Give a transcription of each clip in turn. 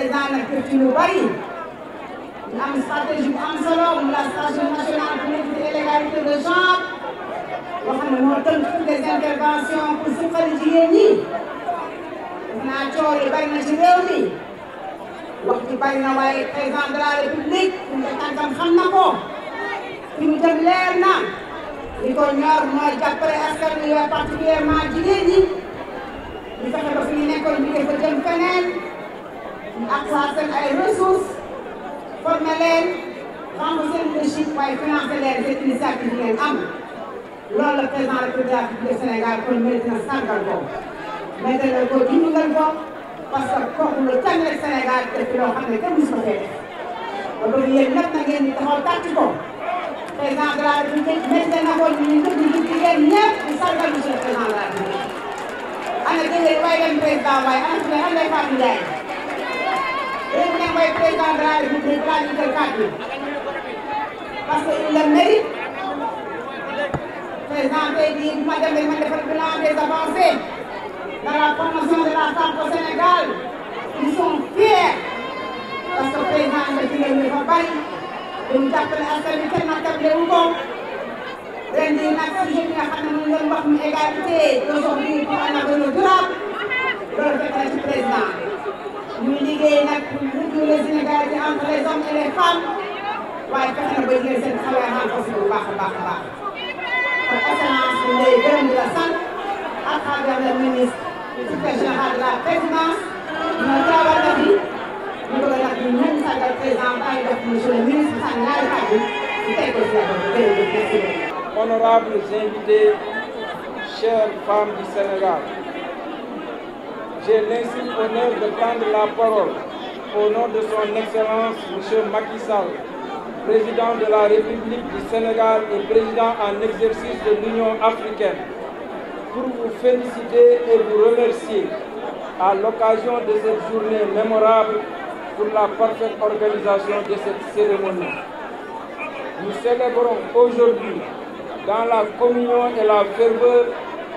président nag def ci lu bari mu am stratégie bu am solo mu la stratégie nationale pour l'égalité de genre boo xam ne moo tënk toutes les interventions pour suqali jigéen ñi def naa coow yi bari na ci réew mi wax ci bari na waaye président de la république fi mu tànkam xam na ko fi mu jëm leer na li ko ñor mooy jàppale askan wi particulièrement jigéen ñi ñu fexe ba fi ñu nekkoon ñu def ko jëm feneen ak saa seen ay ressources former leen rendre seen leadership waaye financer leen seen initiative ngeen am loolu la président de la République du Sénégal kon mérite na sàngal ko mérite na ko dundal ko parce que kooku la tànnal Sénégal te fi loo xam ne kenn musu ko fee def ba bëgg yéen nag na ngeen di taxaw tàcc ko président de la République mérite na ko ñu ñu dugg ñu jigéen ñëpp di sàngal monsieur le président de la République ana jëlee waaye leen président waaye ana su ne an lay Fatou Ndiaye mooy président de la République balaa ñu jël kàddu parce que il le mérite président tey jii bu ma demee ma defal bilan des avancées dans la promotion de la femme au Sénégal ils sont fiers parce que président nga jigéen ñi dafa bari dañu jàppale askan wi kenn nag jàppale wu ko ren jii nag sujet bi nga xam ne moom lañ wax mu égalité d'aujourd'hui pour un avenir durable loolu fekk na ci président. ñuy liggéey nag pour réduire le Sénégal entre les hommes et les femmes waaye fexe na ba jël seen salaire en aussi bu baax a baax a baax kon excellence bi ngay gërëm di la sant à travers le ministre secrétaire général de la présidence ñu teewal na fi ñu bëgg nag ñu ñëw sagal président bàyyi def monsieur le ministre sant ñaari kàddu ñu teg ko ci la jërëjëf merci. honorables invités chères femmes du Sénégal. J'ai l'insigne honneur de prendre la parole au nom de son Excellence M. Macky président de la République du Sénégal et président en exercice de l'Union africaine, pour vous féliciter et vous remercier à l'occasion de cette journée mémorable pour la parfaite organisation de cette cérémonie. Nous célébrons aujourd'hui, dans la communion et la ferveur,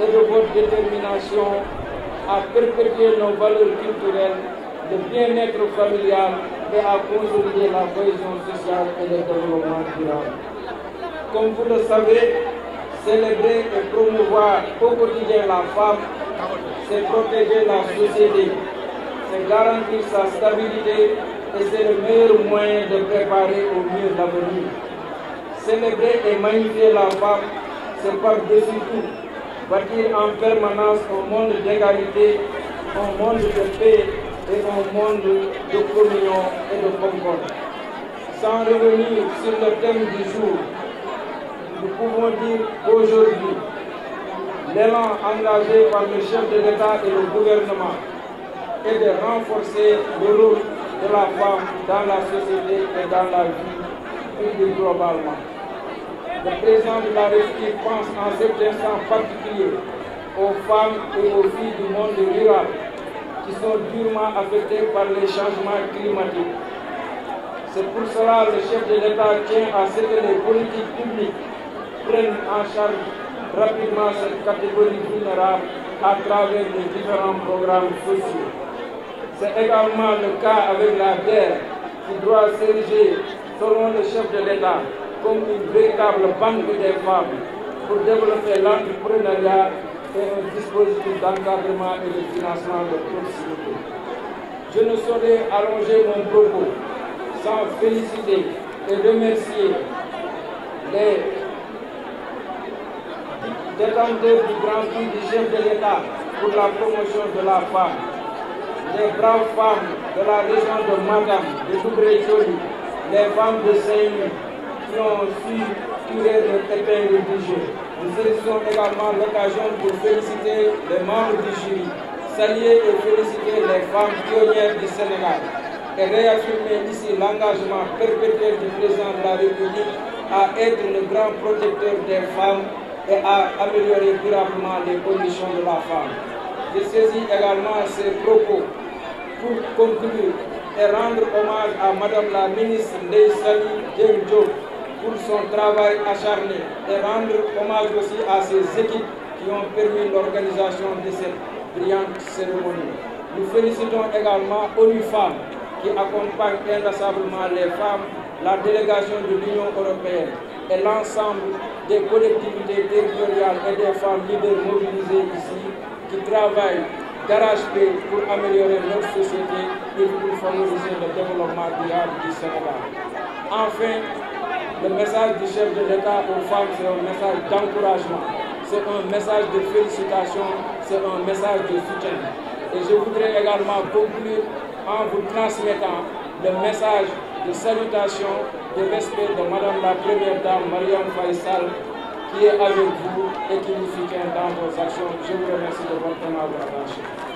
et de votre détermination à perpétuer nos valeurs culturelles, de bien-être familial et à consolider la cohésion sociale et le développement durable. Comme vous le savez, célébrer et promouvoir au quotidien la femme, c'est protéger la société, c'est garantir sa stabilité et c'est le meilleur moyen de préparer au mieux l'avenir. Célébrer et magnifier la femme, c'est par-dessus tout bâtir en permanence un monde d'égalité, un monde de paix et un monde de communion et de concorde. Sans revenir sur le thème du jour, nous pouvons dire qu'aujourd'hui, l'élan engagé par le chef de l'État et le gouvernement est de renforcer le rôle de la femme dans la société et dans la vie publique globalement. le président de la République pense en cet instant particulier aux femmes et aux filles du monde rural qui sont durement affectées par les changements climatiques. C'est pour le chef de l'État tient à ce les politiques publiques prennent en charge rapidement cette catégorie vulnérable à travers les différents programmes sociaux. C'est également le cas avec la guerre qui doit s'ériger, selon le chef de l'État, comme une véritable banque des femmes pour développer l'entrepreneuriat et dispositif d'encadrement et de financement de proximité. Je ne saurais allonger mon sans féliciter et remercier les détenteurs du grand prix du chef de l'État pour la promotion de la femme, les braves femmes de la région de Madame, de Doubré-Joli, les femmes de Saint-Louis, ont su tirer de épingle du jeu. Nous saisissons également l'occasion pour féliciter les membres du jury, saluer et féliciter les femmes pionnières du Sénégal et réaffirmer ici l'engagement perpétuel du président de la République à être le grand protecteur des femmes et à améliorer durablement les conditions de la femme. Je saisis également ces propos pour conclure et rendre hommage à Madame la ministre Ndeye Saly Dieng Diop pour son travail acharné et rendre hommage aussi à ses équipes qui ont permis l'organisation de cette brillante cérémonie. Nous félicitons également ONU Femmes qui accompagne inlassablement les femmes, la délégation de l'Union européenne et l'ensemble des collectivités territoriales et des femmes libres mobilisées ici qui travaillent d'arrache-pied pour améliorer notre société et pour favoriser le développement durable du Sénégal. Enfin, Le message du chef de l'État aux femmes, c'est un message d'encouragement, c'est un message de félicitations, c'est un message de soutien. Et je voudrais également conclure en vous transmettant le message de salutation, de respect de Madame la Première Dame, Mariam Faisal, qui est avec vous et qui vous soutient dans vos actions. Je vous remercie de votre attention.